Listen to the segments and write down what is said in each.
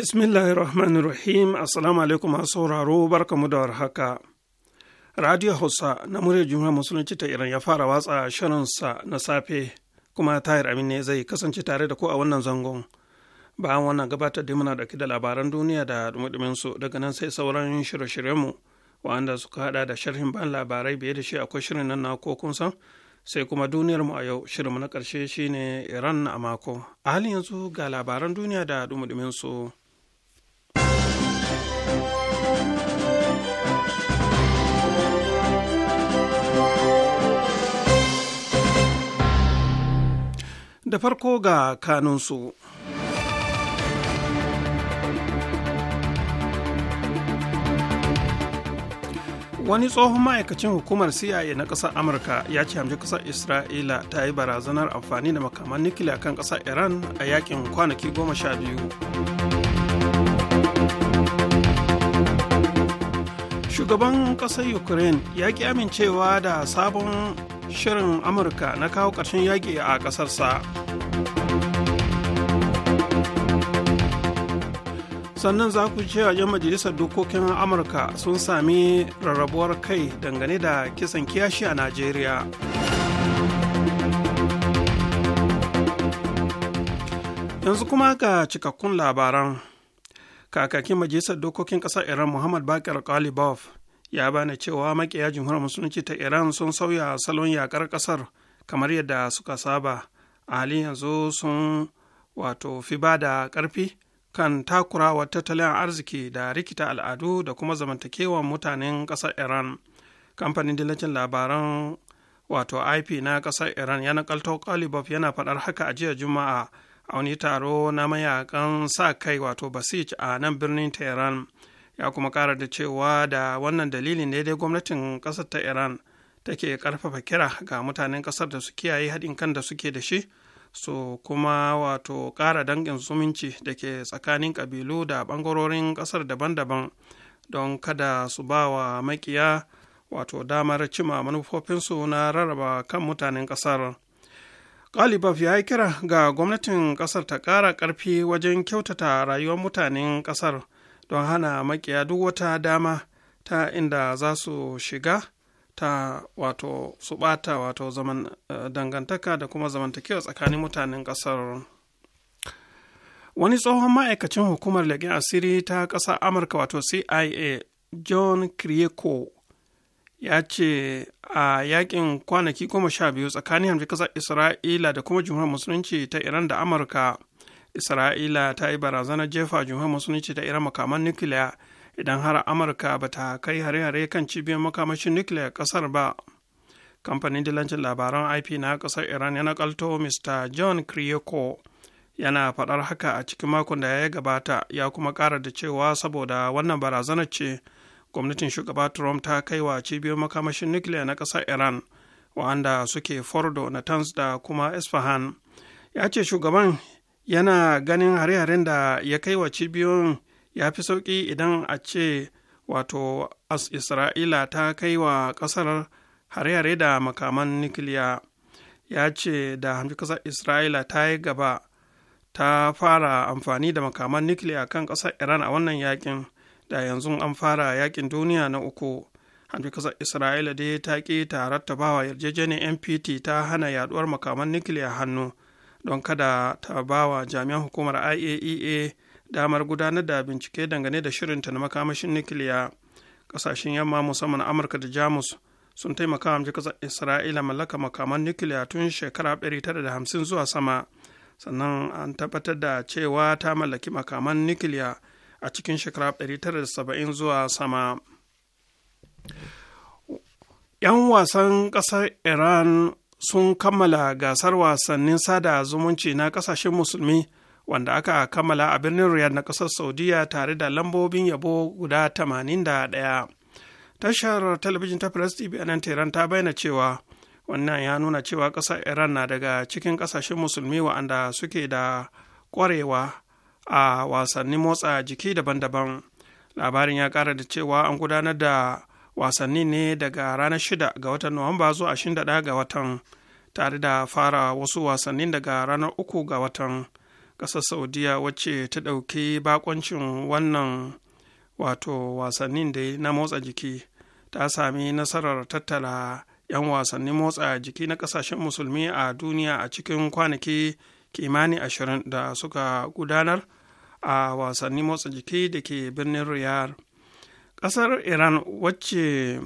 Bismillahi Rahmanir Rahim, Assalamu alaikum masu sauraro mu da warhaka. Radio Hausa na muryar Jumhuriyar Musulunci ta Iran ya fara watsa shirinsa na safe kuma Tahir Amin ne zai kasance tare da ku a wannan zangon. Bayan wannan gabatar da muna dauke da labaran duniya da dumudumin su daga nan sai sauran shirye mu wanda suka hada da sharhin ban labarai biye da shi akwai shirin nan na ko kun san sai kuma duniyar mu a yau shirin mu na karshe shine Iran a mako. A halin yanzu ga labaran duniya da dumudumin su. da farko ga kanunsu wani tsohon ma'aikacin hukumar cia na ƙasar amurka ya ce hamshi ƙasar isra'ila ta yi barazanar amfani da makaman nikila kan ƙasar iran a yakin kwanaki goma sha biyu shugaban ƙasar ukraine ya ƙi amincewa da sabon shirin amurka na kawo ƙarshen yaƙi a ƙasarsa sannan za ku cewa 'yan majalisar dokokin amurka sun sami rarrabuwar kai dangane da kisan kiyashi a najeriya yanzu kuma ga cikakkun labaran kakakin majalisar dokokin ƙasar iran muhammad bakar kalibov ya bana cewa makiya jamhuriyar musulunci ta iran sun sauya salon yakar kasar kamar yadda suka saba a halin yanzu sun wato fi ba da karfi kan takura wa tattalin arziki da rikita al'adu da kuma zamantakewan mutanen kasar iran kamfanin dillacin labaran wato ip na kasar iran ya nakalto kalibov yana faɗar haka a jiya juma'a a wani taro na mayakan sa kai wato basij a nan birnin tehran ya kuma ƙara da cewa da wannan dalilin ne dai gwamnatin ƙasar ta iran take ƙarfafa kira ga mutanen ƙasar da su kiyaye haɗin kan da suke da shi su kuma wato ƙara dangin zumunci da ke tsakanin ƙabilu da ɓangarorin ƙasar daban-daban don kada su ba wa makiya wato damar cima manufofinsu na rarraba kan mutanen ƙasar. Kalibaf ya yi kira ga gwamnatin ƙasar ta ƙara ƙarfi wajen kyautata rayuwar mutanen ƙasar don hana makiya duk wata dama ta inda za su shiga ta wato su bata wato zaman eh, dangantaka da kuma zamantakewa tsakanin mutanen ƙasar wani tsohon ma'aikacin hukumar leƙen asiri ta ƙasar amurka wato cia john krieko ya ce a yakin kwanaki goma sha biyu tsakanin hamshi ƙasar isra'ila da kuma jumhuriyar musulunci ta iran da amurka isra'ila ta yi barazanar jefa jihar musulunci ta iran makaman nukiliya idan har amurka ba ta kai hare-hare kan cibiyar makamashin nukiliya kasar ba kamfanin dilancin labaran ip na kasar iran ya nakalto mr john krieko yana faɗar haka a cikin makon da ya gabata ya kuma kara da cewa saboda wannan barazanar ce gwamnatin shugaba trump ta kai wa cibiyar makamashin nukiliya na kasar iran wa'anda suke fordo natanz da kuma isfahan ya ce shugaban yana ganin hare-haren da ya kai wa cibiyoyin ya fi sauƙi idan a ce wato isra'ila ta kai wa ƙasar hare-hare da makaman nukiliya ya ce da hamshi ƙasar isra'ila ta yi gaba ta fara amfani da makaman nukiliya kan ƙasar iran a wannan yakin da yanzu an fara yakin duniya na uku hamshi ƙasar isra'ila dai ta ƙi ta rattabawa yarjejeniyar npt ta hana yaduwar makaman nukiliya hannu don kada ta bawa jami'an hukumar iaea e damar gudanar da bincike dangane da shirinta na makamashin nukiliya kasashen yamma musamman amurka da jamus sun taimaka wa kasar isra'ila mallaka makaman nukiliya tun shekara 1950 zuwa sama sannan an tabbatar da cewa ta mallaki makaman nukiliya a cikin shekara 1970 zuwa sama 'yan wasan ƙasar iran sun kammala gasar wasannin sada zumunci na kasashen musulmi wanda aka kammala a birnin riyadh na kasar saudiya tare da lambobin yabo guda 81 tashar talabijin ta press tv a nan tehran ta bayyana cewa wannan ya nuna cewa ƙasar iran na daga cikin ƙasashen musulmi wa'anda suke da ƙwarewa a wasannin motsa jiki daban-daban labarin ya kara da cewa an gudanar da wasanni ne daga ranar 6 ga watan nuwamba zuwa 21 ga watan tare da fara wasu wasannin daga ranar 3 ga watan ƙasar saudiya wacce ta ɗauki bakoncin wannan wato wasannin da na motsa jiki ta sami nasarar tattala 'yan wasannin motsa jiki na ƙasashen musulmi a duniya a cikin kwanaki kimani ashirin da suka gudanar a wasannin motsa jiki da ke birnin riyadh ƙasar iran wacce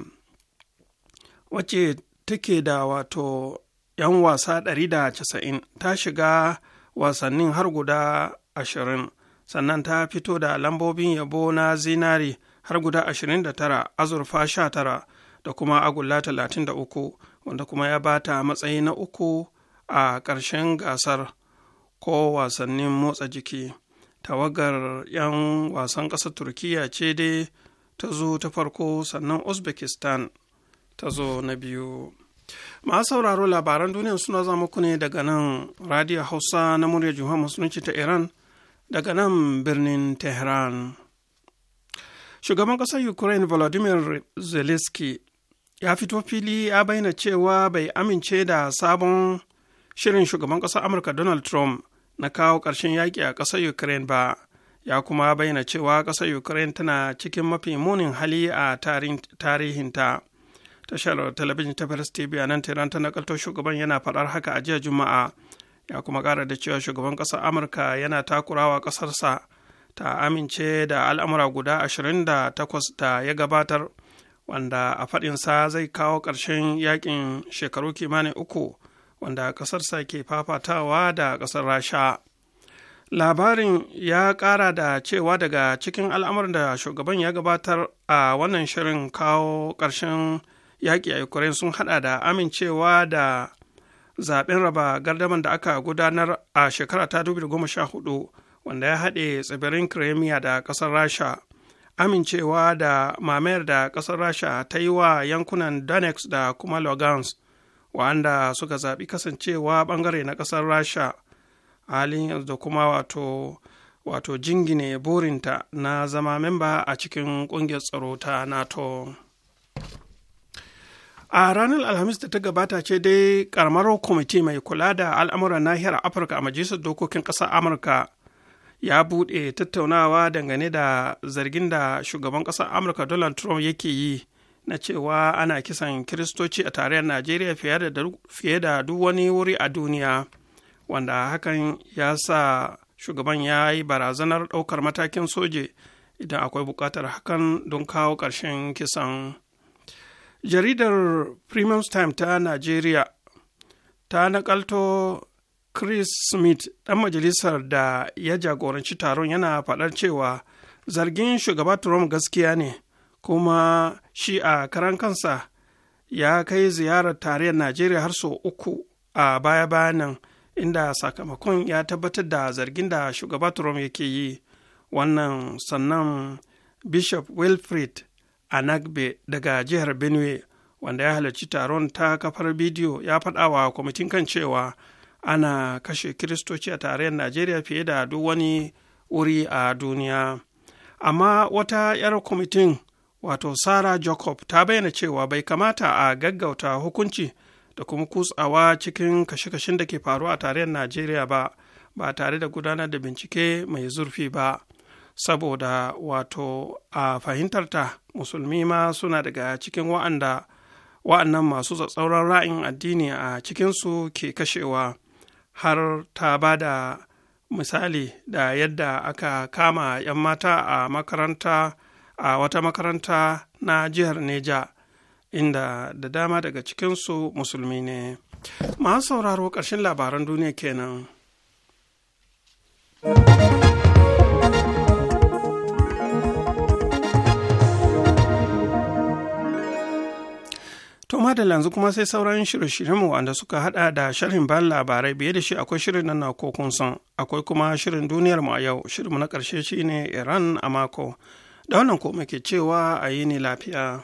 wacce take da wato 'yan wasa 190 ta shiga wasannin har guda 20 sannan ta fito da lambobin yabo na zinari har guda 29 azurfa 19 da kuma agulla 33 wanda kuma ya bata matsayi na uku a ƙarshen gasar ko wasannin motsa jiki tawagar 'yan wasan ƙasar turkiya ce dai ta zo ta farko sannan uzbekistan ta zo na biyu masu sauraro labaran duniya suna za muku ne daga nan radio hausa na murya juha musulunci ta iran daga nan birnin tehran shugaban ƙasar ukraine volodymyr zelensky ya fito fili ya bayyana cewa bai amince da sabon shirin shugaban ƙasar amurka donald trump na kawo ƙarshen yaƙi a ƙasar ukraine ba ya kuma bayyana cewa ƙasar ukraine tana cikin mafi munin hali a tarihinta tashar talabijin ta paris tv a nan tehran ta nakalto shugaban yana faɗar haka a jiya juma'a ya kuma ƙara da cewa shugaban ƙasar amurka yana takurawa ƙasarsa ta amince da al'amura guda 28 da ya gabatar wanda a faɗinsa zai kawo ƙarshen yakin shekaru kimanin uku wanda ƙasarsa ke fafatawa da ƙasar rasha labarin ya ƙara da cewa daga cikin al'amuran da shugaban ya gabatar a wannan shirin kawo ƙarshen yaƙi a ukraine sun hada da amincewa da zaɓen raba gardaman da aka gudanar a shekara ta 2014 wanda ya haɗe tsibirin crimea da ƙasar rasha amincewa da mamayar da ƙasar rasha ta yi wa yankunan donetsk da kuma logans wa'anda suka zaɓi kasancewa ɓangare na ƙasar rasha halin yanzu da kuma wato wato jingine burinta na zama memba a cikin kungiyar tsaro ta nato a ranar alhamis da ta gabata ce dai karamar kwamiti mai kula da al'amuran nahiyar afirka a majalisar dokokin ƙasar amurka ya buɗe tattaunawa dangane da zargin da shugaban ƙasar amurka donald trump yake yi na cewa ana kisan kiristoci a tarayyar najeriya fiye da duk wani wuri a duniya wanda hakan ya sa shugaban ya yi barazanar ɗaukar matakin soje idan akwai buƙatar hakan don kawo ƙarshen kisan jaridar premium time ta nigeria ta nakalto chris smith ɗan majalisar da ya jagoranci taron yana faɗar cewa zargin shugaba trump gaskiya ne kuma shi a karan kansa ya kai ziyarar tarayyar nigeria har sau uku a baya-bayan nan inda sakamakon ya tabbatar da zargin da shugaba trump yake yi wannan sannan bishop wilfred anagbe daga jihar benue wanda ya halarci taron ta kafar bidiyo ya faɗa wa kwamitin kan cewa ana kashe kiristoci a tarayyar najeriya fiye da duk wani wuri a duniya amma wata 'yar kwamitin wato Sarah jacob ta bayyana cewa bai kamata a gaggauta hukunci da kuma kutsawa cikin kashe-kashen da ke faruwa a tarayyar najeriya ba ba tare da gudanar da bincike mai zurfi ba saboda wato a fahimtarta musulmi ma suna daga cikin wa'anda wa'annan masu tsatsauran ra'ayin addini a cikinsu ke kashewa har ta ba da misali da yadda aka kama 'yan mata a makaranta a wata makaranta na jihar neja inda da dama daga cikinsu musulmi ne masu sauraro ƙarshen labaran duniya kenan To da yanzu kuma sai sauran shirin shiryenmu wanda suka hada da sharhin ban labarai biye da shi akwai shirin nan na kokun son akwai kuma shirin duniyar mu a yau shirinmu na karshe shine Iran a mako da wannan ko muke cewa a yi ni lafiya.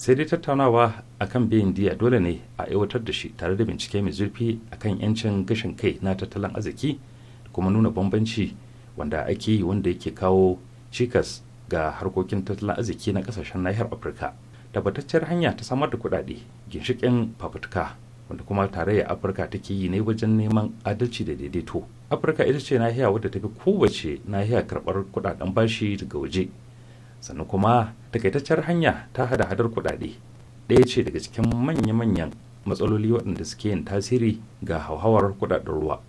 sai dai tattaunawa a kan biyan diya dole ne a aiwatar da shi tare da bincike mai zurfi a kan yancin gashin kai na tattalin arziki da kuma nuna bambanci wanda ake yi wanda yake kawo cikas ga harkokin tattalin arziki na kasashen nahiyar afirka tabbatacciyar hanya ta samar da kuɗaɗe ginshiƙin fafutuka wanda kuma tarayyar afirka take yi ne wajen neman adalci da daidaito afirka ita ce nahiya wadda ta fi kowace nahiya karɓar kuɗaɗen bashi daga waje sannan kuma takaitaccen hanya ta hada hadar kuɗaɗe ɗaya ce daga cikin manya-manyan matsaloli waɗanda suke yin tasiri ga hauhawar kuɗaɗen ruwa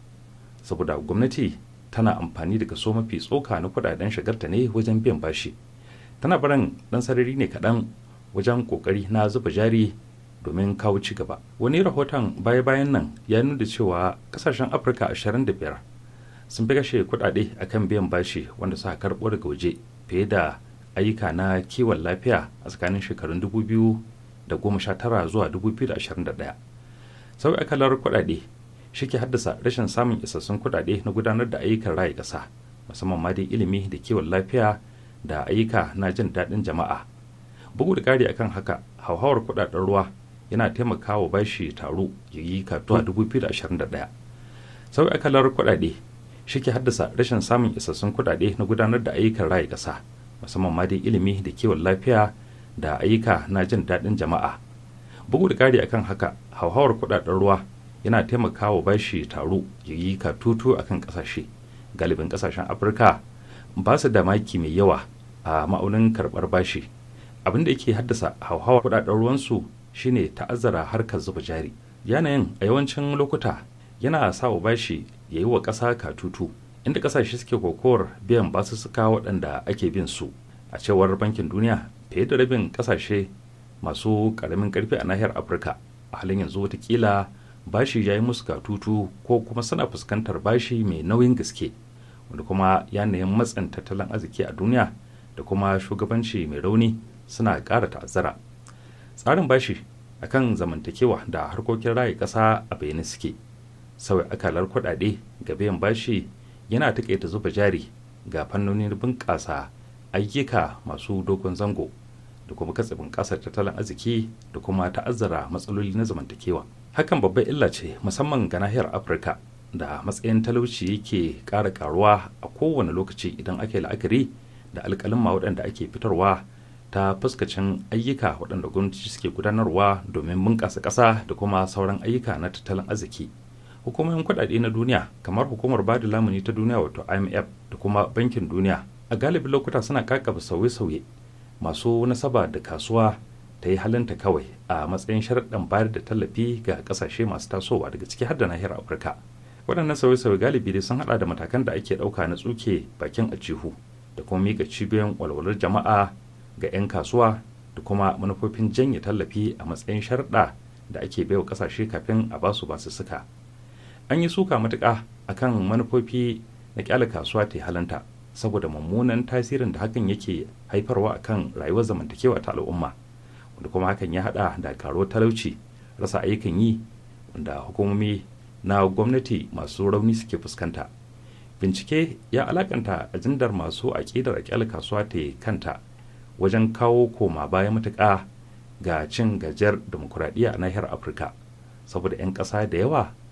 saboda gwamnati tana amfani da kaso mafi tsoka na kuɗaɗen shagarta ne wajen biyan bashi tana barin ɗan sarari ne kaɗan wajen ƙoƙari na zuba jari domin kawo ci gaba wani rahoton baya-bayan nan ya nuna cewa ƙasashen afirka 25 sun fi kashe kuɗaɗe akan biyan bashi wanda suka karɓo daga waje fiye da ayyuka na kiwon lafiya a tsakanin shekarun 2019 zuwa 2021 sau akalar kuɗaɗe shi ke haddasa rashin samun isassun kuɗaɗe na gudanar da ayyukan rayu ƙasa musamman ma dai ilimi da kiwon lafiya da ayyuka na jin daɗin jama'a bugu da ƙari akan haka hauhawar kuɗaɗen ruwa yana taimakawa bashi taro ya yi katuwa 2021 sau akalar kuɗaɗe shi ke haddasa rashin samun isassun kuɗaɗe na gudanar da ayyukan rayu ƙasa musamman ma dai ilimi da kiwon lafiya da ayyuka na jin daɗin jama'a bugu da ƙari akan haka hauhawar kuɗaɗen ruwa yana taimakawa bashi taro ya yi ka katutu akan ƙasashe galibin ƙasashen afirka ba su da maki mai yawa a ma'aunin karɓar bashi abin da yake haddasa hauhawar kuɗaɗen ruwansu shine ta'azzara harkar zuba jari yanayin a yawancin lokuta yana sawa bashi ya yi wa ƙasa ka tutu. inda kasashe suke kokowar biyan basussuka waɗanda ake bin su a cewar bankin duniya fiye da rabin kasashe masu ƙaramin ƙarfi a nahiyar afirka a halin yanzu watakila bashi ya yi musu katutu ko kuma suna fuskantar bashi mai nauyin gaske wanda kuma yanayin matsin tattalin arziki a duniya da kuma shugabanci mai rauni suna ƙara ta'azzara tsarin bashi akan zamantakewa da harkokin raye ƙasa a bayyane suke sauya akalar kuɗaɗe ga biyan bashi yana taƙaita zuba jari ga fannonin bunƙasa ayyuka masu dogon zango da kuma katsibin ƙasar tattalin arziki da kuma ta'azzara matsaloli na zamantakewa hakan babbar illa ce musamman ga nahiyar afirka da matsayin talauci yake ƙara ƙaruwa a kowane lokaci idan ake la'akari da alƙalin waɗanda ake fitarwa ta fuskacin ayyuka waɗanda gwamnati suke gudanarwa domin bunƙasa ƙasa da kuma sauran ayyuka na tattalin arziki hukumomin kudade na duniya kamar hukumar bada lamuni ta duniya wato imf da kuma bankin duniya a galibi lokuta suna kakaba sauye-sauye masu nasaba da kasuwa ta yi halinta kawai a matsayin sharaɗin bayar da tallafi ga kasashe masu tasowa daga ciki har da nahiyar afirka waɗannan sauye-sauye galibi dai sun haɗa da matakan da ake ɗauka na tsuke bakin ajihu da kuma miƙa cibiyoyin walwalar jama'a ga 'yan kasuwa da kuma manufofin janye tallafi a matsayin sharaɗa da ake baiwa kasashe kafin a basu basu suka an yi suka matuƙa a kan manufofi na kyale kasuwa ta halanta saboda mummunan tasirin da hakan yake haifarwa a kan rayuwar zamantakewa ta al'umma wanda kuma hakan ya haɗa da karo talauci rasa ayyukan yi wanda hukumomi na gwamnati masu rauni suke fuskanta bincike ya alakanta ajindar masu aƙidar kyale kasuwa ta kanta wajen kawo koma baya matuƙa ga cin gajiyar demokuraɗiyya a nahiyar afirka saboda 'yan ƙasa da yawa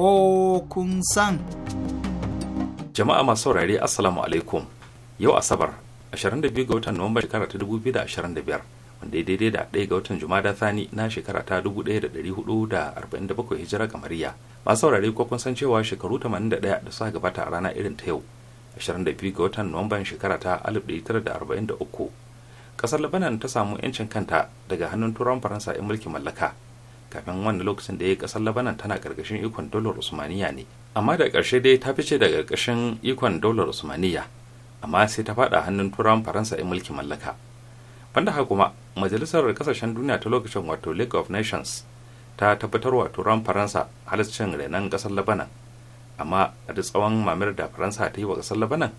ko kun san. Jama'a masu saurare Assalamu alaikum. Yau Asabar, 22 ga watan Nuwamba shekara ta 2025, wanda ya daidai da 1 ga watan Jumada Thani na shekara ta 1447 Hijira Kamariya. Masu saurare ko kun san cewa shekaru 81 da suka gabata a rana irin ta yau, 22 ga watan Nuwamba shekara ta 1943. Kasar Lebanon ta samu 'yancin kanta daga hannun Turan Faransa 'yan mulkin mallaka. kafin wannan lokacin da ya kasar labanan tana karkashin ikon dolar usmaniya ne amma da ƙarshe dai ta fice daga karkashin ikon dolar usmaniya amma sai ta faɗa hannun turawan faransa in mulki mallaka banda haka kuma majalisar kasashen duniya ta lokacin wato league of nations ta tabbatar wa turan faransa halaccin renon kasar labanan amma a da tsawon mamir da faransa ta yi wa kasar labanan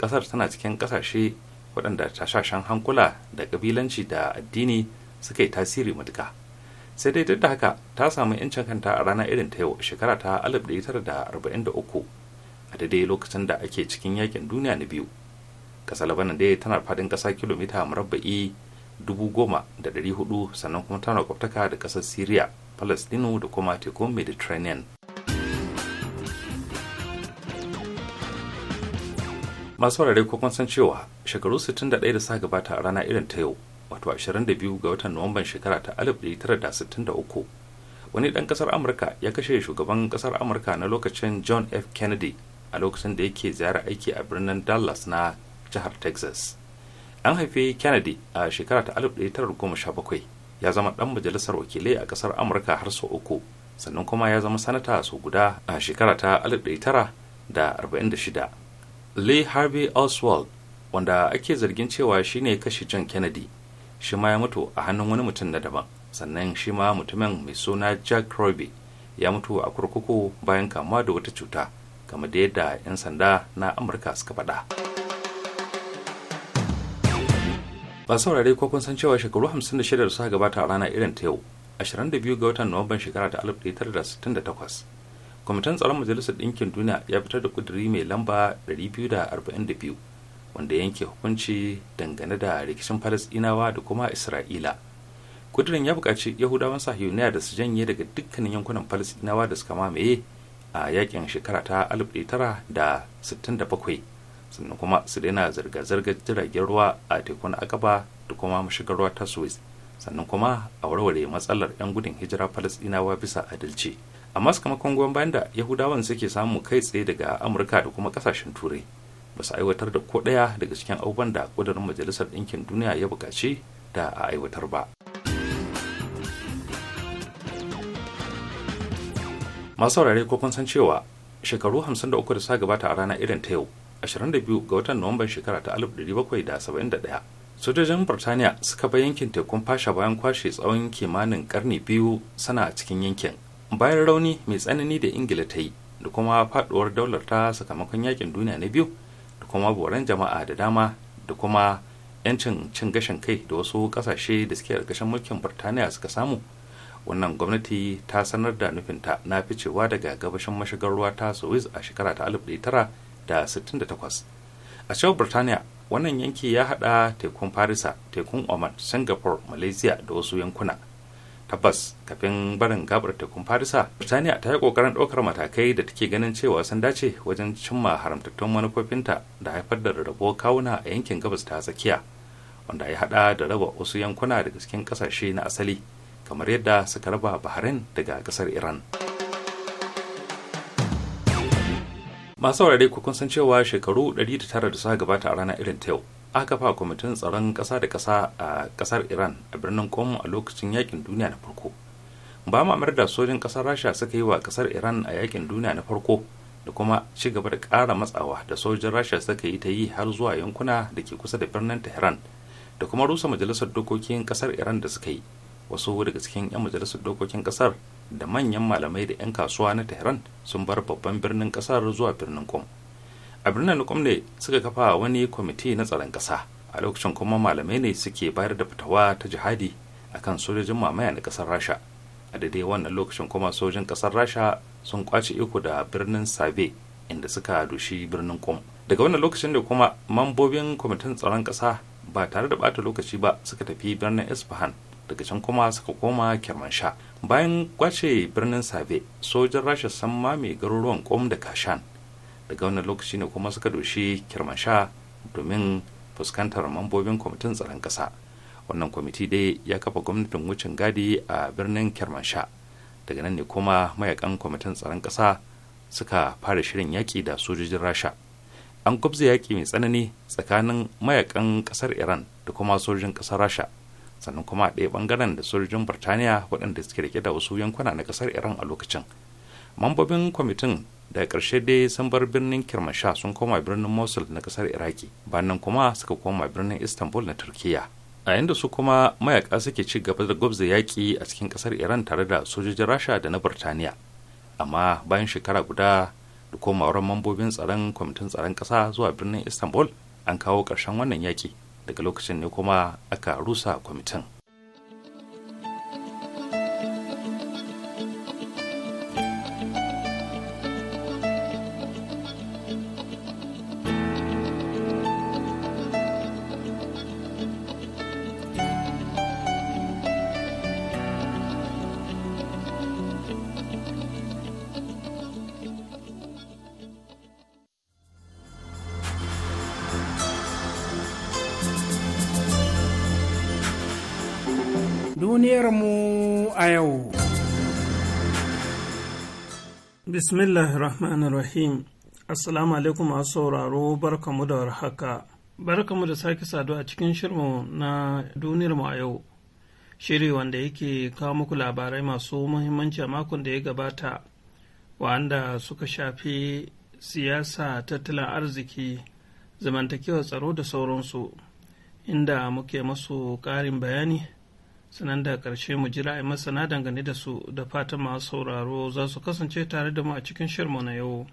kasar tana cikin kasashe waɗanda tashashen hankula da kabilanci da addini suka yi tasiri matuƙa sai dai duk da haka ta samu yancin kanta a rana irin ta yau shekara ta 1943 a daidai lokacin da ake cikin yakin duniya na biyu ƙasar labanan dai tana fadin ƙasa kilomita murabba'i 10,400 sannan kuma tana kwaftaka da ƙasar syria palestino da kuma tekun mediterranean masu warare ko san cewa shekaru 61 da suka gabata a rana irin ta yau wato 22 ga watan nuwamban shekara ta 1963 wani ɗan ƙasar amurka ya kashe shugaban ƙasar amurka na lokacin john f kennedy a lokacin da yake ziyara aiki a birnin dallas na jihar texas an haifi kennedy a shekara ta 1917 ya zama ɗan majalisar wakilai a ƙasar amurka har sau uku sannan kuma ya zama sanata sau guda a shekara ta 1946 lee harvey oswald wanda ake zargin cewa shine kashe john kennedy shi ma ya mutu a hannun wani mutum na daban sannan shi ma mutumin mai suna jack roby ya mutu a kurkuku bayan kamuwa da wata cuta game da yadda 'yan sanda na amurka suka faɗa ba saurare ko kun san cewa shekaru 56 da suka gabata a rana irin ta yau 22 ga watan nuwamban shekara ta 1968 kwamitin tsaron majalisar ɗinkin duniya ya fitar da ƙuduri mai lamba 242 wanda yanke hukunci dangane da rikicin falasɗinawa da kuma isra'ila kudirin ya buƙaci yahudawan sahiyoniya da su janye daga dukkanin yankunan falasɗinawa da suka mamaye a yakin shekara ta tara da 1967 sannan kuma su daina zirga-zirgar jiragen ruwa a tekun akaba da kuma mashigar ruwa ta suez sannan kuma a warware matsalar 'yan gudun hijira falasɗinawa bisa adalci amma sakamakon goyon bayan da yahudawan suke samu kai tsaye daga amurka da kuma ƙasashen turai ba su aiwatar da ko ɗaya daga cikin abubuwan da ƙudurin majalisar ɗinkin duniya ya buƙaci da a aiwatar ba masu saurare ko kun san cewa shekaru 53 da suka gabata a rana irin ta yau 22 ga watan nuwamban shekara ta 1771 sojojin birtaniya suka bai yankin tekun fasha bayan kwashe tsawon kimanin karni biyu sana a cikin yankin bayan rauni mai tsanani da ingila ta yi da kuma faduwar daular ta sakamakon yakin duniya na biyu kuma goren jama'a da dama da kuma 'yancin cin gashin kai da wasu kasashe da suke ƙarƙashin mulkin birtaniya suka samu wannan gwamnati ta sanar da nufinta na ficewa daga gabashin mashigar ruwa ta suez a shekara ta 1968 a cewar birtaniya wannan yanki ya hada tekun farisa tekun oman singapore malaysia da wasu yankuna tabbas kafin barin gabar tekun farisa birtaniya ta yi kokarin ɗaukar matakai da take ganin cewa sun dace wajen cimma haramtattun manufofinta da haifar da rabo kawuna a yankin gabas ta tsakiya wanda ya hada da raba wasu yankuna daga cikin ƙasashe na asali kamar yadda suka raba bahrain daga kasar iran masu saurare kun san cewa shekaru 109 da suka gabata a ranar irin ta yau aka kafa kwamitin tsaron ƙasa da kasa a ƙasar iran a birnin kom a lokacin yakin duniya na farko ba mamar da sojin kasar rasha suka yi wa ƙasar iran a yakin duniya na farko da kuma ci gaba da kara matsawa da sojin rasha suka yi ta yi har zuwa yankuna da ke kusa da birnin tehran da kuma rusa majalisar dokokin ƙasar iran da suka yi wasu daga cikin 'yan majalisar dokokin ƙasar da manyan malamai da 'yan kasuwa na tehran sun bar babban birnin ƙasar zuwa birnin kom a birnin kwamne suka kafa wani kwamiti na tsaron ƙasa a lokacin kuma malamai ne suke bayar da fitawa ta jihadi akan sojojin mamaya na ƙasar rasha a daidai wannan lokacin kuma sojin ƙasar rasha sun kwace iko da birnin sabe inda suka dushi birnin kum daga wannan lokacin da kuma mambobin kwamitin tsaron ƙasa ba tare da bata lokaci ba suka tafi birnin isfahan daga can kuma suka koma kermansha bayan kwace birnin sabe sojin rasha sun mame garuruwan kum da kashan daga wannan lokaci ne kuma suka doshi kirmansha domin fuskantar mambobin kwamitin tsaron ƙasa wannan kwamiti dai ya kafa gwamnatin wucin gadi a birnin kirmansha daga nan ne kuma mayakan kwamitin tsaron ƙasa suka fara shirin yaƙi da sojojin rasha an gwabza yaƙi mai tsanani tsakanin mayakan ƙasar iran da kuma sojojin ƙasar rasha sannan kuma a ɗaya ɓangaren da sojojin birtaniya waɗanda suke rike da wasu yankuna na ƙasar iran a lokacin mambobin kwamitin da ƙarshe dai sun bar birnin kirmasha sun koma birnin mosul na ƙasar iraki bayan kuma suka koma birnin istanbul na turkiya a yanda su kuma mayaka suke ci gaba da gwabza yaƙi a cikin ƙasar iran tare da sojojin rasha da na burtaniya amma bayan shekara guda da komawar mambobin tsaron kwamitin tsaron ƙasa zuwa birnin istanbul an kawo ƙarshen wannan yaƙi daga lokacin ne kuma aka rusa kwamitin bismillah rahman rahim assalamu alaikum masu sauraro barkamu da warhaka barkamu da sake saduwa a cikin shirmu na duniyar mu a yau shiri wanda yake kawo muku labarai masu muhimmanci a makon da ya gabata wanda suka shafi siyasa tattalin arziki zamantakewar tsaro da sauransu inda muke masu ƙarin bayani sanan da ƙarshe mu jira a masana dangane da su da fatan masu sauraro za su kasance tare da mu a cikin shirmu na yau.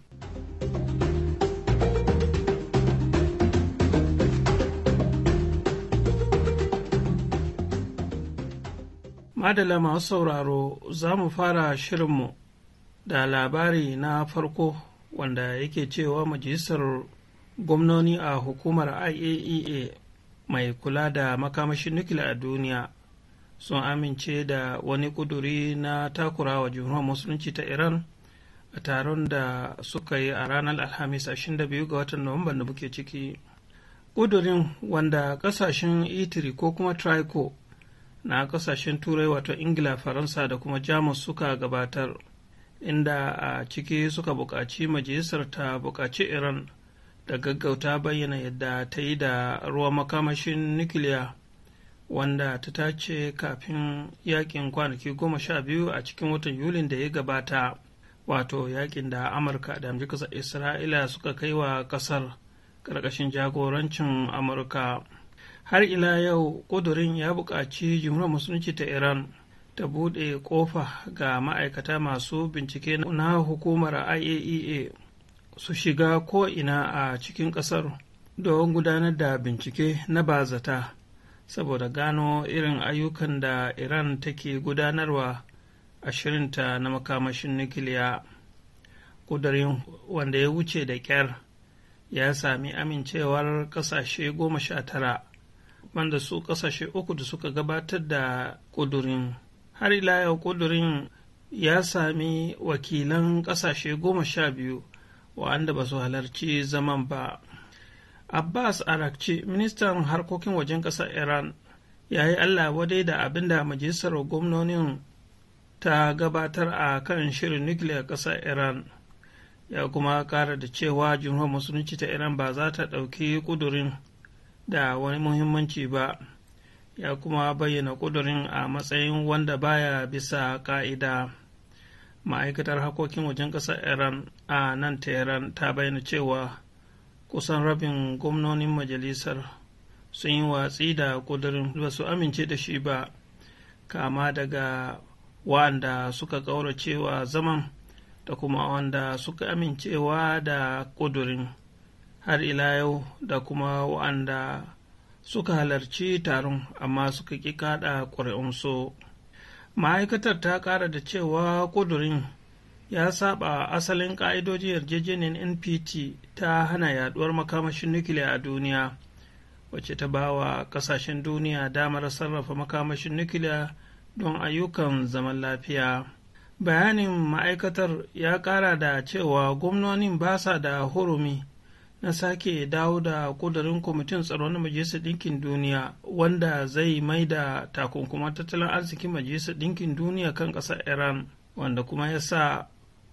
Madala masu sauraro za mu fara shirinmu da labari na farko wanda yake cewa majalisar gwamnoni a hukumar IAEA e mai kula da makamashin nukila a duniya sun amince da wani kuduri na takurawa jumhuriyar musulunci ta iran a taron da suka yi a ranar alhamis 22 ga watan nuwamban da muke ciki kudurin wanda kasashen itiri ko kuma trico na kasashen turai wato ingila faransa da kuma jamus suka gabatar inda a ciki suka buƙaci majalisar ta buƙaci iran da gaggauta bayyana yadda ta yi da ruwan makamashin nukiliya wanda ta tace kafin yakin kwanaki goma sha biyu a cikin watan yulin da ya gabata wato yakin da amurka da amji kasar isra'ila suka kai wa kasar ƙarƙashin jagorancin amurka har ila yau ƙudurin ya buƙaci jumhuriyar musulunci ta iran ta buɗe ƙofa ga ma'aikata masu bincike na hukumar iaea e su shiga ko'ina a cikin ƙasar don gudanar da bincike na bazata saboda gano irin ayyukan da iran take gudanarwa a shirinta na makamashin nukiliya ƙudurin wanda ya wuce da ƙyar ya sami amincewar ƙasashe goma sha tara wanda su ƙasashe uku da suka gabatar da ƙudurin har ila yau ƙudurin ya sami wakilan ƙasashe goma sha biyu wa'anda ba su halarci zaman ba abbas arakci ministan harkokin wajen ƙasar iran ya yi allah wadai da abin da majalisar gwamnonin ta gabatar a kan shirin nukiliyar ƙasar iran ya kuma ƙara da cewa jumhuriyar musulunci ta iran ba za ta ɗauki ƙudurin da wani muhimmanci ba ya kuma bayyana ƙudurin a matsayin wanda baya bisa ƙa'ida ma'aikatar harkokin wajen ƙasar iran a nan tehran ta bayyana cewa kusan rabin gwamnonin majalisar sun yi watsi da kudurin ba su amince da shi ba kama daga wanda suka cewa zaman da kuma wanda suka amincewa da kudurin har ila yau da kuma wanda suka halarci taron amma suka ƙi kaɗa ƙuri'unsu ma'aikatar ta ƙara da cewa kudurin ya saba asalin ƙa'idojin yarjejeniyar npt ta hana yaduwar makamashin nukiliya a duniya wacce ta ba wa ƙasashen duniya damar sarrafa makamashin nukiliya don ayyukan zaman lafiya bayanin ma'aikatar ya ƙara da cewa gwamnonin ba sa da hurumi na sake dawo da kudurin kwamitin tsaro na majalisar ɗinkin duniya wanda zai mai da takunkuman tattalin arzikin majalisar ɗinkin duniya kan ƙasar iran wanda kuma ya sa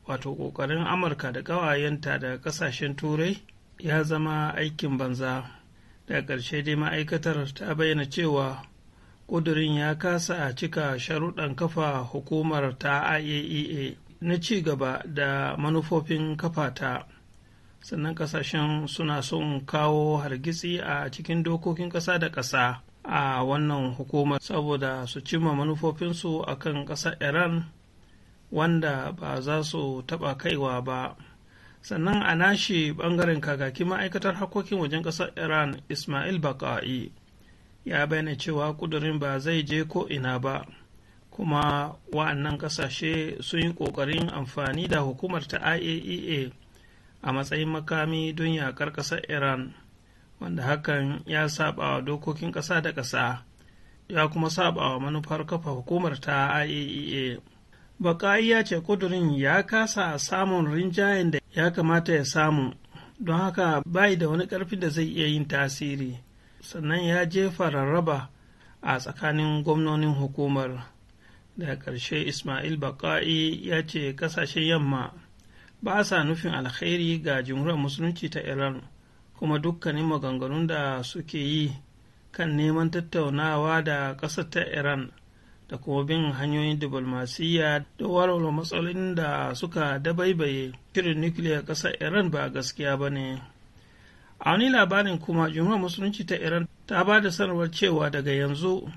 wato ƙoƙarin amurka da ƙawayenta daga ƙasashen turai ya zama aikin banza da ƙarshe dai ma'aikatar ta bayyana cewa ƙudurin ya kasa a cika sharuɗan kafa hukumar ta iaea e na ci gaba da manufofin kafa sannan ƙasashen suna son kawo hargitsi a cikin dokokin ƙasa da ƙasa a wannan hukumar saboda su cimma manufofinsu akan ƙasa iran wanda ba za su taɓa kaiwa ba sannan a nashi bangaren kagaki ma'aikatar harkokin wajen ƙasar iran ismail baka'i ya bayyana cewa kudurin ba zai je ko ina ba kuma wa'annan ƙasashe sun yi ƙoƙarin amfani da hukumar ta iaea e a matsayin makami don yaƙar ƙasar iran wanda hakan ya saba wa dokokin ƙasa da ƙasa ya kuma saba wa manufar kafa hukumar ta iaea e baƙa'i ya ce ƙudurin ya kasa samun rinjayen da ya kamata ya samu don haka bai da wani ƙarfi da zai iya yin tasiri sannan ya jefa rarraba a tsakanin gwamnonin hukumar da ƙarshe ismail baƙa'i ya ce ƙasashen yamma ba sa nufin alkhairi ga jumhuriyar musulunci ta iran kuma dukkanin maganganun da suke yi kan neman tattaunawa da ƙasar ta iran da kuma bin hanyoyin diplomasiyya da walwala matsalolin da suka dabaibaye shirin nukiliya ƙasar iran ba gaskiya ba ne a wani labarin kuma jumhuriyar musulunci ta iran ta ba da sanarwar cewa daga yanzu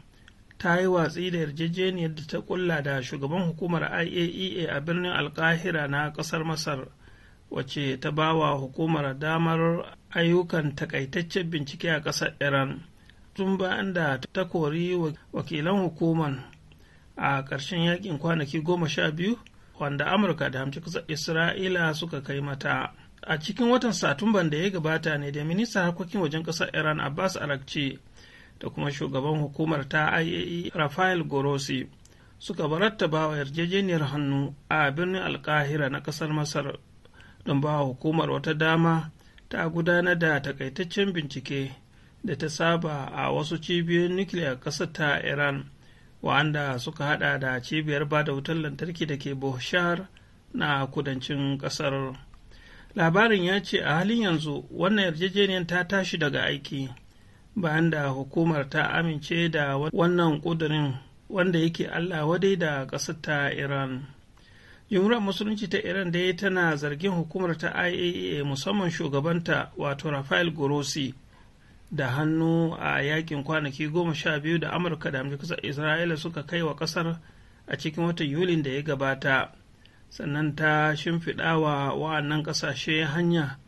ta yi watsi da yarjejeniyar da ta kulla da shugaban hukumar iaea e a birnin alkahira na ƙasar masar wace ta ba wa hukumar damar ayyukan takaitaccen bincike a ƙasar iran tun bayan da ta kori wakilan hukumar a ƙarshen yakin kwanaki goma sha biyu wanda amurka da hamci kusa isra'ila suka kai mata a cikin watan satumban da ya gabata ne da ministan harkokin wajen ƙasar iran abbas arakci da kuma shugaban hukumar ta iae rafael gorosi suka baratta ba wa yarjejeniyar hannu a birnin alkahira na ƙasar masar don ba hukumar wata dama ta gudanar da takaitaccen bincike da ta saba a wasu cibiyoyin nukiliya ƙasar ta iran wa'anda suka hada da cibiyar ba da wutar lantarki da ke bohshar na kudancin kasar labarin ya ce a halin yanzu wannan yarjejeniyar ta tashi daga aiki bayan da hukumar ta amince da wannan kudurin wanda yake allah wadai da ƙasar ta iran jumhuriyar musulunci ta iran dai tana zargin hukumar ta iaea musamman shugabanta wato rafael grossi da hannu a yakin kwanaki goma sha biyu da amurka da amurka isra'ila suka kai wa kasar a cikin watan yulin da ya gabata sannan ta shimfiɗa wa wa'annan ƙasashe hanya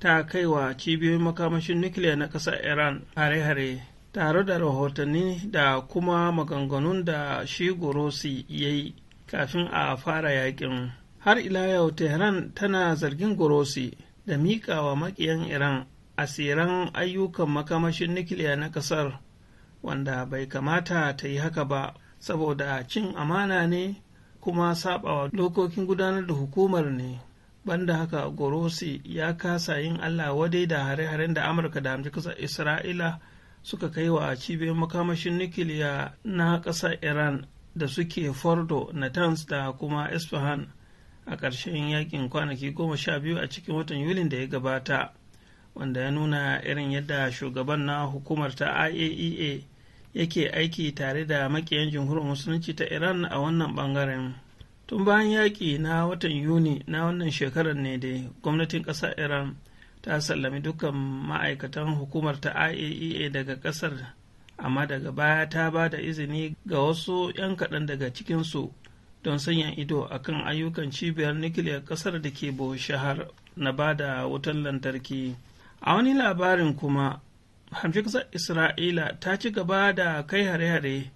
ta kai wa cibiyoyin makamashin nukiliya na ƙasar iran hare-hare tare da rahotanni da kuma maganganun da shi gorosi ya yi kafin a fara yakin har ila yau tehran tana zargin gorosi da miƙawa maƙiyan iran asiran ayyukan makamashin nukiliya na ƙasar wanda bai kamata ta yi haka ba saboda cin amana ne kuma sabawa dokokin gudanar da hukumar ne banda haka gorosi ya kasa yin allah wadai da hare-haren da amurka da amurka kasar isra'ila suka kai wa cibiyar makamashin nukiliya na ƙasar iran da suke fordo natanz da kuma isfahan a ƙarshen yakin kwanaki goma sha biyu a cikin watan yulin da ya gabata wanda ya nuna irin yadda shugaban na hukumar ta iaea e yake aiki tare da makiyan jamhuriyar musulunci ta iran a wannan bangaren tun bayan yaƙi na watan yuni na wannan shekarar ne dai gwamnatin ƙasar iran ta sallami dukkan ma'aikatan hukumar ta iaea e daga ƙasar amma daga baya ta ba da izini ga wasu 'yan kaɗan daga cikinsu don sanya ido a kan ayyukan cibiyar nukiliyar ƙasar da ke shahar na ba da wutan lantarki a wani labarin kuma hamshe ƙasar isra'ila ta ci gaba da kai hare-hare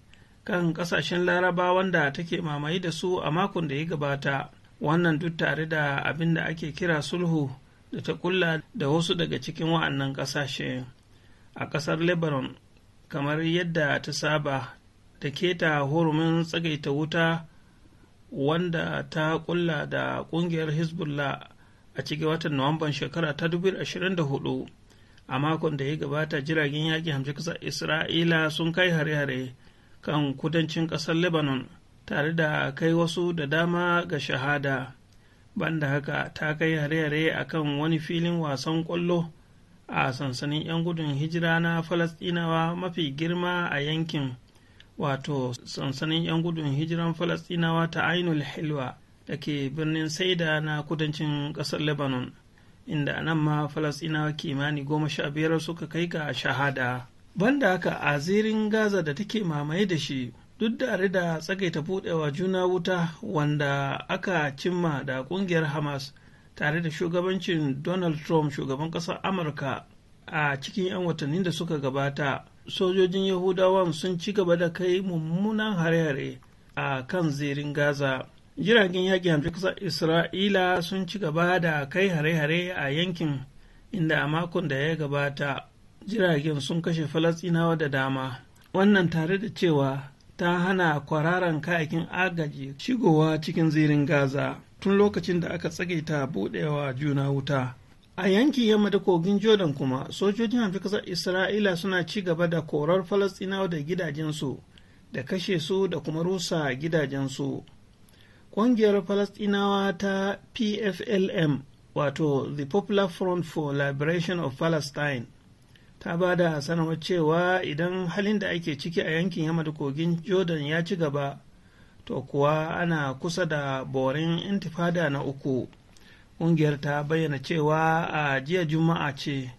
kan ƙasashen laraba wanda take mamaye da su a makon da ya gabata wannan duk tare da abin da ake kira sulhu da ta kulla da wasu daga cikin wa'annan ƙasashe a ƙasar lebanon kamar yadda ta saba ta keta hurumin tsagaita wuta wanda ta kulla da ƙungiyar hezbollah a cikin watan nuwamban shekara ta 2024 a makon da ya gabata jiragen yaƙi hamsin ƙasar isra'ila sun kai hare-hare kan kudancin ƙasar lebanon tare da kai wasu da dama ga shahada banda haka ta kai hare-hare a kan wani filin wasan ƙwallo a sansanin 'yan gudun hijira na falastinawa mafi girma a yankin wato sansanin 'yan gudun hijiran falastinawa ta ainul hilwa da ke birnin saida na kudancin ƙasar lebanon inda a nan ma falasɗinawa kimani goma sha biyar suka kai ga shahada banda haka a zirin gaza da take mamaye da shi duk da da tsagaita buɗewa juna wuta wanda aka cimma da ƙungiyar hamas tare da shugabancin donald trump shugaban ƙasar amurka a cikin 'yan watanni da suka gabata sojojin yahudawan sun ci gaba da kai mummunan hare-hare a kan zirin gaza jiragen yaƙi hamsin kusa isra'ila sun ci gaba da kai hare-hare a yankin inda a makon da ya gabata jiragen sun kashe falastinawa da dama wannan tare da cewa ta hana kwararan kayakin agaji shigowa cikin zirin gaza tun lokacin da aka tsage ta buɗewa juna wuta a yankin yamma da kogin jordan kuma sojojin hamsin kasar isra'ila suna ci gaba da korar falastinawa da gidajensu da kashe su da kuma rusa gidajensu ƙungiyar falastinawa ta pflm wato the popular front for liberation of palestine ta ba da sanarwar cewa idan halin da ake ciki a yankin yamma da kogin jordan ya ci gaba to kuwa ana kusa da borin intifada na uku ƙungiyar ta bayyana cewa a jiya juma'a ce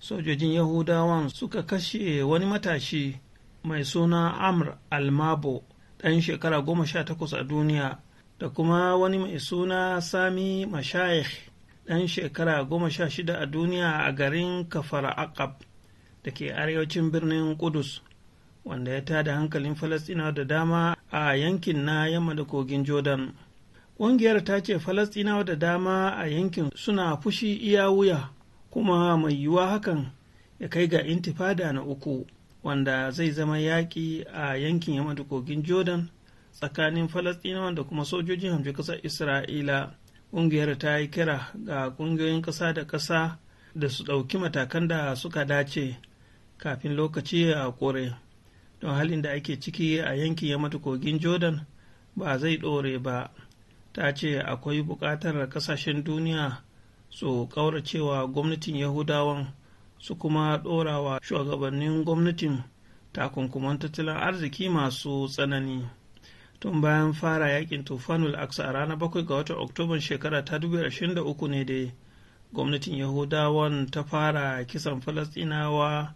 sojojin yahudawan suka kashe wani matashi mai suna amr almabo ɗan shekara goma sha takwas a duniya da kuma wani mai suna sami mashayikh ɗan shekara goma sha shida a duniya a garin kafar aqab da ke arewacin birnin kudus wanda ya tada hankalin falastinawa da dama a yankin na yamma da kogin jordan ƙungiyar ta ce falastinawa da dama a yankin suna fushi iya wuya kuma mai yiwuwa hakan ya kai ga intifada na uku wanda zai zama yaƙi a yankin yamma da kogin jordan tsakanin falasɗinawa da kuma sojojin hamshe ƙasar isra'ila ƙungiyar ta yi kira ga ƙungiyoyin ƙasa da ƙasa da su ɗauki matakan da suka dace kafin lokaci a kore don halin da ake ciki a yankin yamata kogin jordan ba zai ɗore ba ta ce akwai buƙatar ƙasashen duniya su ƙauracewa gwamnatin yahudawan su kuma ɗorawa shugabannin gwamnatin takunkuman tattalin arziki masu tsanani. tun bayan fara yakin tufanul aksa a ranar bakwai ga watan oktoban shekara ta uku ne dai gwamnatin yahudawan ta fara kisan falastinawa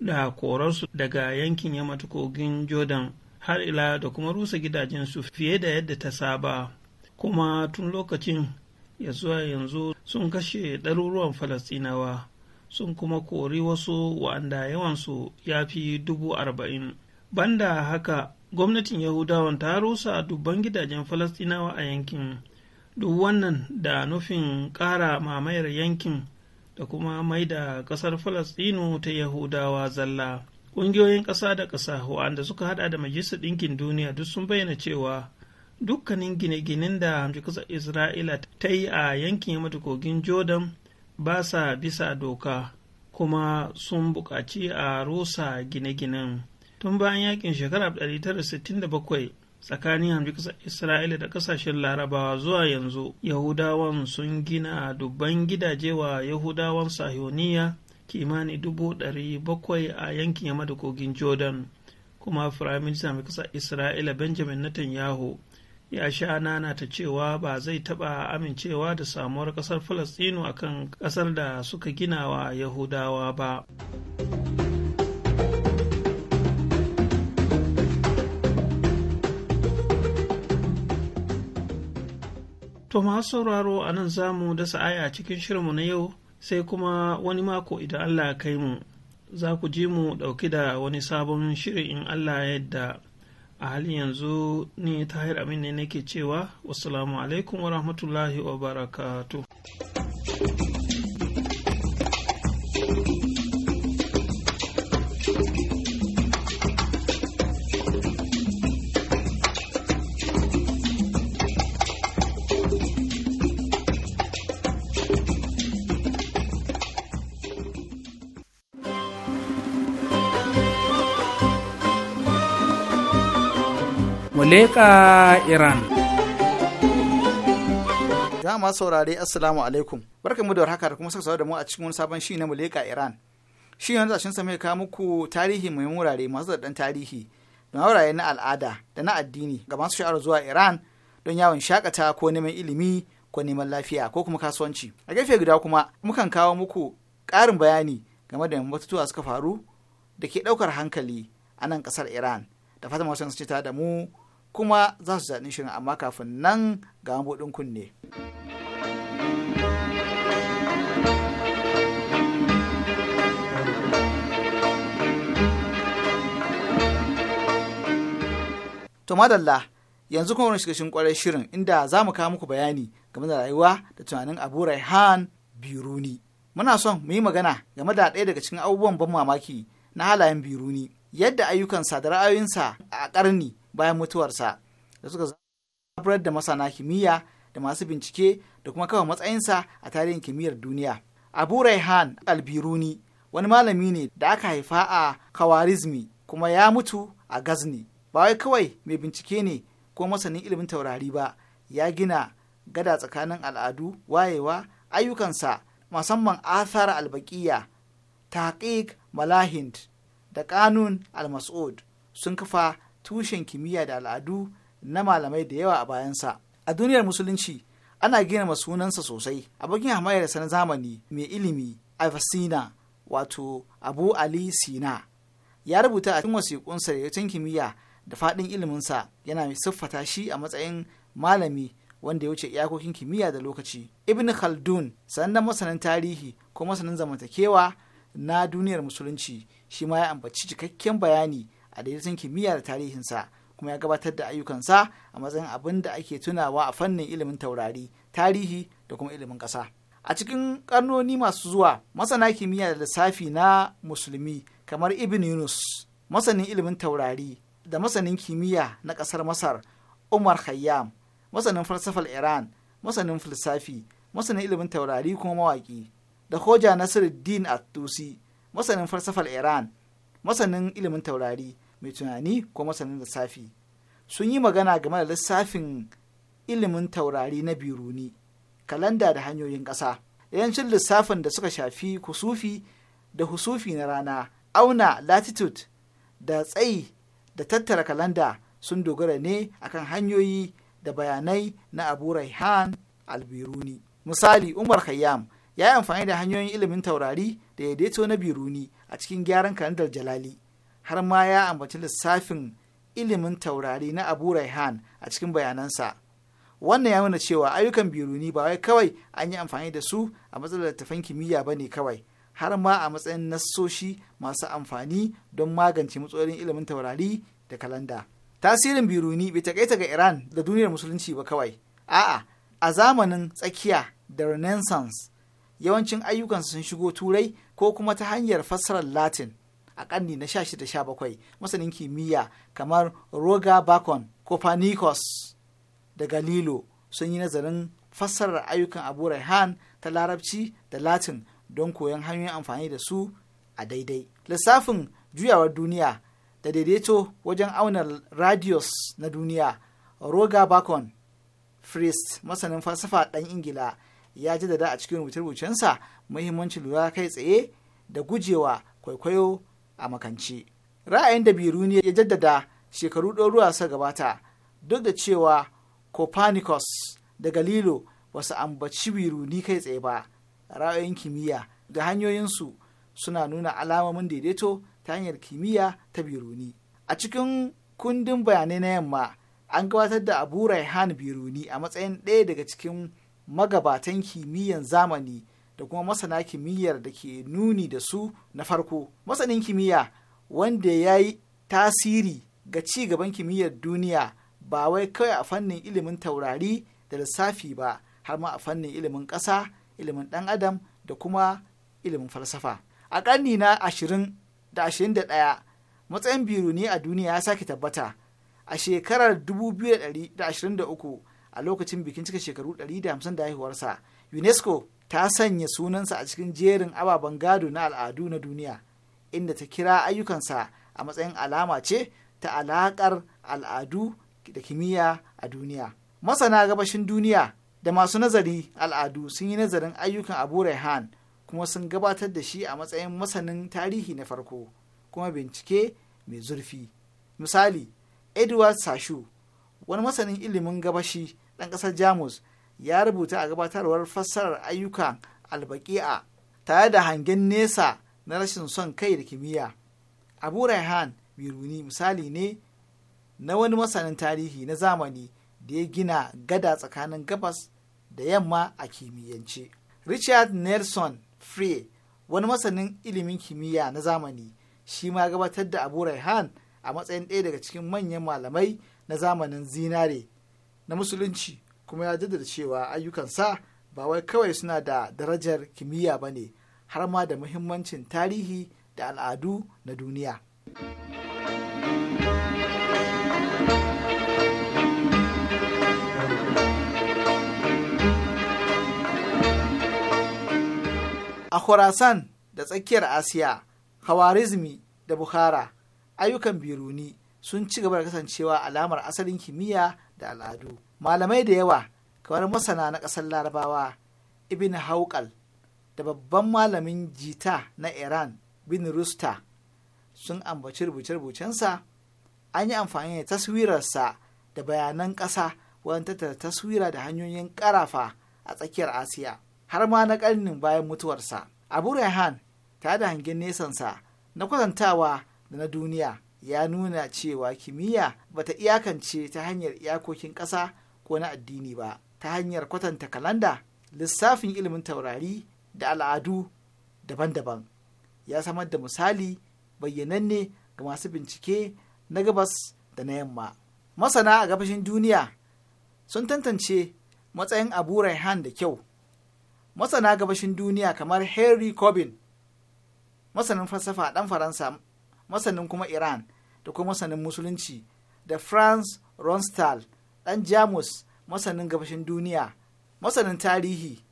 da korarsu daga yankin ya kogin jordan har ila da kuma rusa gidajensu fiye da yadda ta saba kuma tun lokacin ya zuwa yanzu sun kashe ɗaruruwan falastinawa sun kuma kori wasu wa'anda yawansu ya fi dubu arba'in banda haka gwamnatin yahudawan ta rusa dubban gidajen falastinawa a yankin duk wannan da nufin ƙara mamayar yankin da kuma mai da ƙasar falastinu ta yahudawa zalla ƙungiyoyin ƙasa da ƙasa da suka hada da majalisar ɗinkin duniya duk sun bayyana cewa dukkanin gine-ginen da hamsin ƙasar isra'ila ta yi a yankin yamata kogin jordan ba sa bisa doka kuma sun buƙaci a rusa gine-ginen tun bayan yakin shekara 1967 tsakanin hamjikasar isra'ila da kasashen larabawa zuwa yanzu yahudawan sun gina dubban gidaje wa yahudawan sahioniya kimani dubu ɗari bakwai a yankin yamma da kogin jordan kuma firaminista mai kasar isra'ila benjamin netanyahu ya sha nana ta cewa ba zai taɓa amincewa da samuwar ƙasar falastinu akan ƙasar da suka gina wa yahudawa ba. To masu sauraro a nan za mu dasa aya cikin shirinmu na yau sai kuma wani mako idan Allah ya kai mu za ku ji mu ɗauki da wani sabon shirin in Allah yadda a halin yanzu ni tahir amin ne nake cewa wasu alaikum wa rahmatullahi wa barakatuh. Muleka Iran. Dama saurare Assalamu alaikum. mu da warhaka da kuma saka da mu a cikin wani sabon shi na Muleka Iran. Shi yanzu a sa mai kawo muku tarihi mai wurare masu daɗin tarihi da wurare na al'ada da na addini ga masu sha'ar zuwa Iran don yawon shakata ko neman ilimi ko neman lafiya ko kuma kasuwanci. A gefe guda kuma mukan kawo muku ƙarin bayani game da batutuwa suka faru da ke ɗaukar hankali a nan ƙasar Iran. Da fatan masu sun ta da mu kuma za su zaɗin shirin amma kafin nan ga mabuɗin kunne. To madalla yanzu kuma wani shigashin kwarai shirin inda za mu kawo muku bayani game da rayuwa da tunanin Abu Raihan Biruni. Muna son mu yi magana game da ɗaya daga cikin abubuwan ban mamaki na halayen Biruni, yadda ayyukan da ra'ayoyinsa a ƙarni bayan mutuwarsa da suka zabar da masana kimiyya da masu bincike da kuma kawai matsayinsa a tarihin kimiyyar duniya. Abu Raihan Albiruni wani malami ne da aka haifa a Kawarizmi kuma ya mutu a Gazni. Ba wai kawai mai bincike ne ko masanin ilimin taurari ba ya gina gada tsakanin al'adu wayewa ayyukansa musamman athar albaƙiya tahqiq malahind da kanun al-mas'ud sun kafa tushen kimiyya da al'adu na malamai da yawa a bayansa a duniyar musulunci ana gina sunansa sosai A bakin hamayar na zamani mai ilimi alfasina wato abu ali sina ya rubuta a cikin wasiƙunsa da kimiyya da faɗin iliminsa yana siffata shi a matsayin malami wanda ya wuce iyakokin kimiyya da lokaci ibn khaldun sanannen masanin tarihi ko masanin zamantakewa na duniyar musulunci shi ma ya ambaci cikakken bayani a daidaitun kimiyya da tarihinsa kuma ya gabatar da ayyukansa a matsayin abin da ake tunawa a fannin ilimin taurari tarihi da kuma ilimin ƙasa a cikin karnoni masu zuwa masana kimiyya da lissafi na musulmi kamar ibn yunus masanin ilimin taurari da masanin kimiyya na ƙasar masar umar khayyam masanin falsafar iran masanin lissafi masanin ilimin taurari kuma mawaƙi da hoja nasiruddin at masanin falsafar iran masanin ilimin taurari mai tunani ko masanin lissafi sun yi magana game da lissafin ilimin taurari na biruni kalanda da hanyoyin ƙasa yancin lissafin da suka shafi kusufi da husufi na rana auna latitude da tsayi da tattara kalanda sun dogara ne akan hanyoyi da bayanai na abu raihan albiruni misali umar khayyam ya yi amfani da hanyoyin ilimin taurari da daito na biruni a cikin gyaran kalandar jalali har ma ya ambaci lissafin ilimin taurari na abu raihan a cikin bayanansa wannan ya nuna cewa ayyukan biruni ba wai kawai an yi amfani da su a matsalar littattafan kimiyya ba ne kawai har ma a matsayin nassoshi masu amfani don magance matsalolin ilimin taurari da kalanda tasirin biruni bai takaita ga iran da duniyar musulunci ba kawai a'a a zamanin tsakiya da renaissance yawancin ayyukansu sun shigo turai ko kuma ta hanyar fassarar latin a ƙarni na 16-17 masanin kimiyya kamar roger bacon copernicus da galilo sun yi nazarin fassarar ayyukan abu raihan ta larabci da latin don koyon hanyoyin amfani da su a daidai lissafin juyawar duniya da daidaito wajen auna radius na duniya roga bacon priest masanin falsafa ɗan ingila ya jaddada a cikin rubuce-rubucensa muhimmancin lura kai tsaye da gujewa kwaikwayo a makance ra'ayin da biruni ya jaddada shekaru ɗoruwa sa gabata duk da cewa copernicus da galilo ba su ambaci biruni kai tsaye ba ra'ayin kimiyya da hanyoyinsu suna nuna alamomin daidaito ta hanyar kimiyya ta biruni a cikin kundin bayanai na yamma an gabatar da abu raihan biruni a matsayin ɗaya daga cikin magabatan kimiyyan zamani da kuma masana kimiyyar da ke nuni da su na farko masanin kimiyya wanda ya yi tasiri ga ci gaban kimiyyar duniya ba wai kawai a fannin ilimin taurari da lissafi ba har ma a fannin ilimin ƙasa ilimin ɗan adam da kuma ilimin falsafa a ƙarni na ashirin da ashirin da ɗaya matsayin biruni a duniya ya sake tabbata a shekarar dubu biyu da ashirin da uku a lokacin bikin cika shekaru ɗari da hamsin da haihuwarsa unesco ta sanya sunansa a cikin jerin ababen gado na al'adu na duniya inda ta kira ayyukansa a matsayin alama ce ta alaƙar al'adu da kimiyya a duniya masana gabashin duniya da masu nazari al'adu sun yi nazarin ayyukan abu rehan kuma sun gabatar da shi a matsayin masanin tarihi na farko kuma bincike mai zurfi misali edward sashu wani masanin ilimin gabashi ɗan ƙasar jamus ya rubuta a gabatarwar fassarar ayyukan albaki'a tare da hangen nesa na rashin son kai da kimiyya abu raihan biruni misali ne na wani masanin tarihi na zamani da ya gina gada tsakanin gabas da yamma a kimiyyance richard nelson frey wani masanin ilimin kimiyya na zamani shi ma gabatar da abu raihan a matsayin ɗaya daga cikin manyan malamai na zamanin zinare na musulunci kuma ya jaddada cewa ayyukansa ba wai kawai suna da darajar kimiyya ba ne har ma da muhimmancin tarihi da al'adu na duniya. A Khorasan da tsakiyar Asiya, Hawarizmi da Bukhara, ayyukan Biruni sun ci gaba da kasancewa alamar asalin kimiyya da al'adu. malamai da yawa kamar masana na ƙasar larabawa ibn haukal da babban malamin jita na iran bin rusta sun ambaci rubuce-rubucensa an yi amfani da taswirarsa da bayanan ƙasa wajen tattara taswira da hanyoyin ƙarafa a tsakiyar asiya har ma na ƙarnin bayan mutuwarsa abu rehan ta da hangen nesansa na kwatantawa da na duniya ya nuna cewa kimiyya bata iyakance ta hanyar iyakokin ƙasa ko na addini ba ta hanyar kwatanta kalanda lissafin ilimin taurari da al'adu daban-daban ya samar da misali bayyananne ga masu bincike na gabas da na yamma masana a gabashin duniya sun tantance matsayin abu raihan da kyau masana gabashin duniya kamar henry corbin masanin falsafa ɗan faransa masanin kuma iran da kuma masanin musulunci da franz ronstadt ɗan jamus masanin gabashin duniya masanin tarihi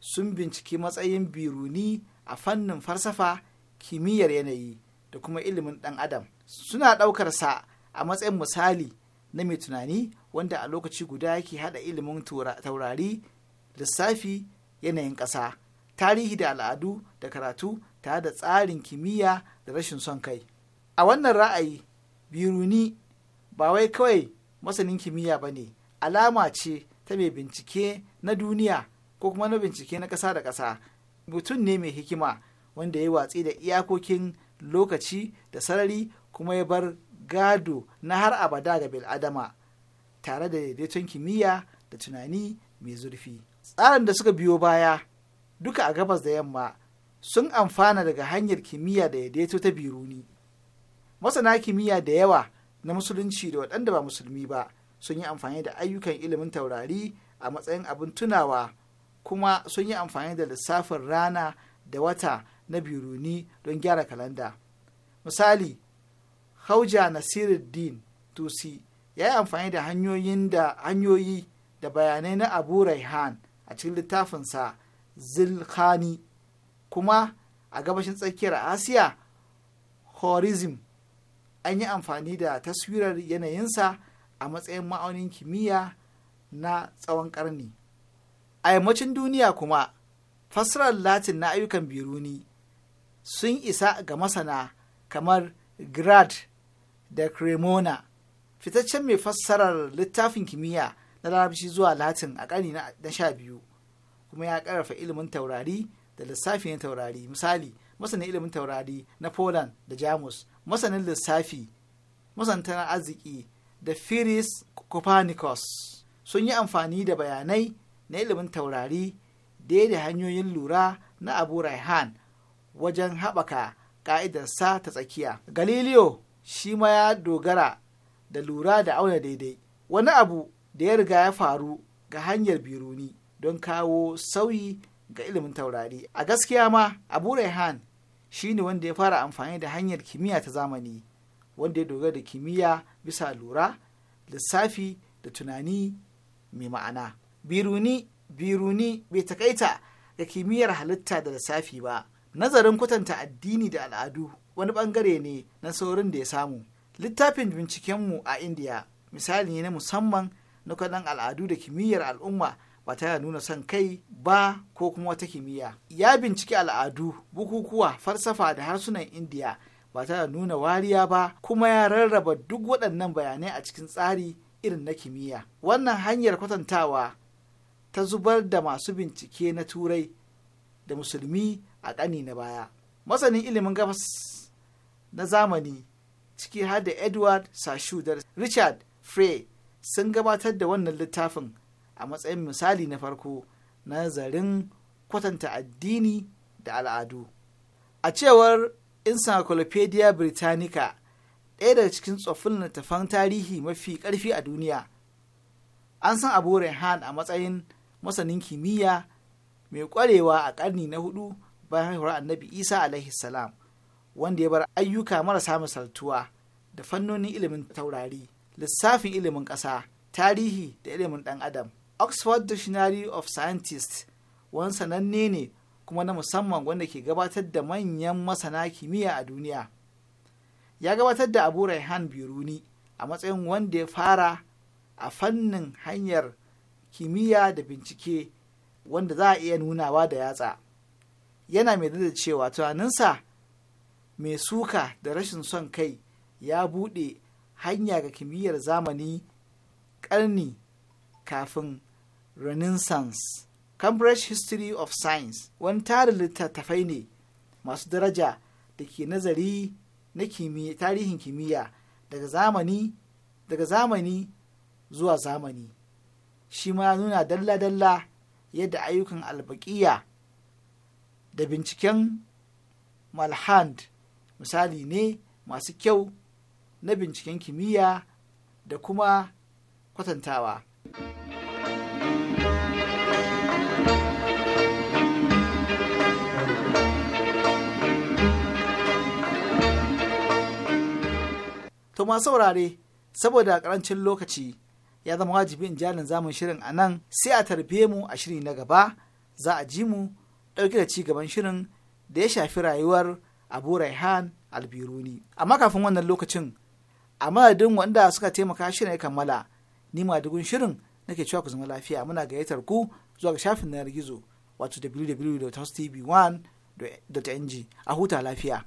sun binciki matsayin biruni a fannin farsafa kimiyyar yanayi da kuma ilimin ɗan adam suna ɗaukar sa a matsayin misali na mai tunani wanda a lokaci guda yake haɗa ilimin taurari lissafi yanayin ƙasa tarihi da al'adu da karatu tare da tsarin kimiyya da rashin son kai a wannan ra'ayi biruni ba wai kawai masanin kimiyya ba ne alama ce ta mai bincike na duniya ko kuma na bincike na ƙasa da ƙasa mutum ne mai hikima wanda ya yi watsi da iyakokin lokaci da sarari kuma ya bar gado na har abada ga bil'adama tare da daidaiton kimiyya da tunani mai zurfi tsarin da suka biyo baya duka a gabas da yamma sun amfana daga hanyar kimiyya da daidaito ta biruni masana kimiyya da yawa na musulunci da waɗanda ba musulmi ba sun yi amfani da ayyukan ilimin taurari a matsayin abin tunawa kuma sun yi amfani da lissafin rana da wata na biruni don gyara kalanda misali hauja nasiruddin tusi ya yi amfani da hanyoyin da hanyoyi da bayanai na abu raihan a cikin littafinsa zilkhani kuma a gabashin tsakiyar asiya horizm an yi amfani da taswirar yanayinsa a matsayin ma'aunin kimiyya na tsawon ƙarni. A yammacin duniya kuma, fassarar Latin na ayyukan biruni sun isa ga masana kamar Grad da Cremona, fitaccen mai fassarar littafin kimiyya na larabci zuwa Latin a ƙarni na sha biyu, kuma ya ƙarfa ilimin taurari da lissafi na taurari. Misali, masanin ilimin taurari na Poland da Jamus masanin lissafi masantanar arziki da firis copernicus sun yi amfani da bayanai na ilimin taurari da hanyoyin lura na abu raihan wajen haɓaka ƙa'idarsa ta tsakiya galileo shi ma ya dogara da lura da auna daidai wani abu da ya riga ya faru ga hanyar biruni don kawo sauyi ga ilimin taurari a gaskiya ma abu raihan shine wanda ya fara amfani da hanyar kimiyya ta zamani wanda ya dogara da kimiyya bisa lura lissafi da tunani mai ma'ana biruni biruni bai takaita ga kimiyyar halitta da lissafi ba nazarin kwatanta addini da al'adu wani bangare ne na saurin da ya samu littafin bincikenmu a indiya misali ne na musamman na kwanan al'adu da kimiyyar al'umma ba ta da nuna son kai ba ko kuma wata kimiyya ya binciki al'adu bukukuwa farsafa da harsunan indiya ba ta da nuna wariya ba kuma ya rarraba duk waɗannan bayanai a cikin tsari irin na kimiyya wannan hanyar kwatantawa ta zubar da masu bincike na turai da musulmi a ƙani na baya masanin ilimin gabas na zamani ciki har da edward sashudar richard frey sun gabatar da wannan littafin a matsayin misali na farko na nazarin kwatanta addini da al'adu a cewar encyclopedia britannica ɗaya daga cikin tsoffin littattafan tarihi mafi ƙarfi a duniya an san abu Han a matsayin masanin kimiyya mai ƙwarewa a ƙarni na hudu bayan haihuwar annabi isa alaihi salam wanda ya bar ayyuka marasa misaltuwa da fannonin ilimin taurari lissafin ilimin ƙasa tarihi da ilimin ɗan adam oxford dictionary of scientists wani sananne ne kuma na musamman wanda ke gabatar da manyan masana kimiyya a duniya ya gabatar da abu raihan biruni a matsayin wanda ya fara a fannin hanyar kimiyya da bincike wanda za a iya nunawa da yatsa yana mai da cewa tunaninsa mai suka da rashin son kai ya buɗe hanya ga kimiyyar zamani ƙarni kafin renaissance cambridge history of science wani tarin littattafai ne masu daraja da ke nazari na tarihin kimiyya daga zamani daga zamani zuwa zamani shi ma nuna dalla-dalla yadda ayyukan albaƙiya da binciken malhand misali ne masu kyau na binciken kimiyya da kuma kwatantawa. To ma saurare saboda karancin lokaci ya zama wajibi in jalin zamun shirin a nan sai a tarbiye mu a shiri na gaba za a ji mu ɗauke da ci gaban shirin da ya shafi rayuwar Abu Raihan Albiruni. Amma kafin wannan lokacin a madadin wanda suka taimaka shirin ya kammala ni madugun shirin nake cewa ku zama lafiya muna gayyatar ku zuwa ga shafin na gizo wato www.hostv1.ng a huta lafiya.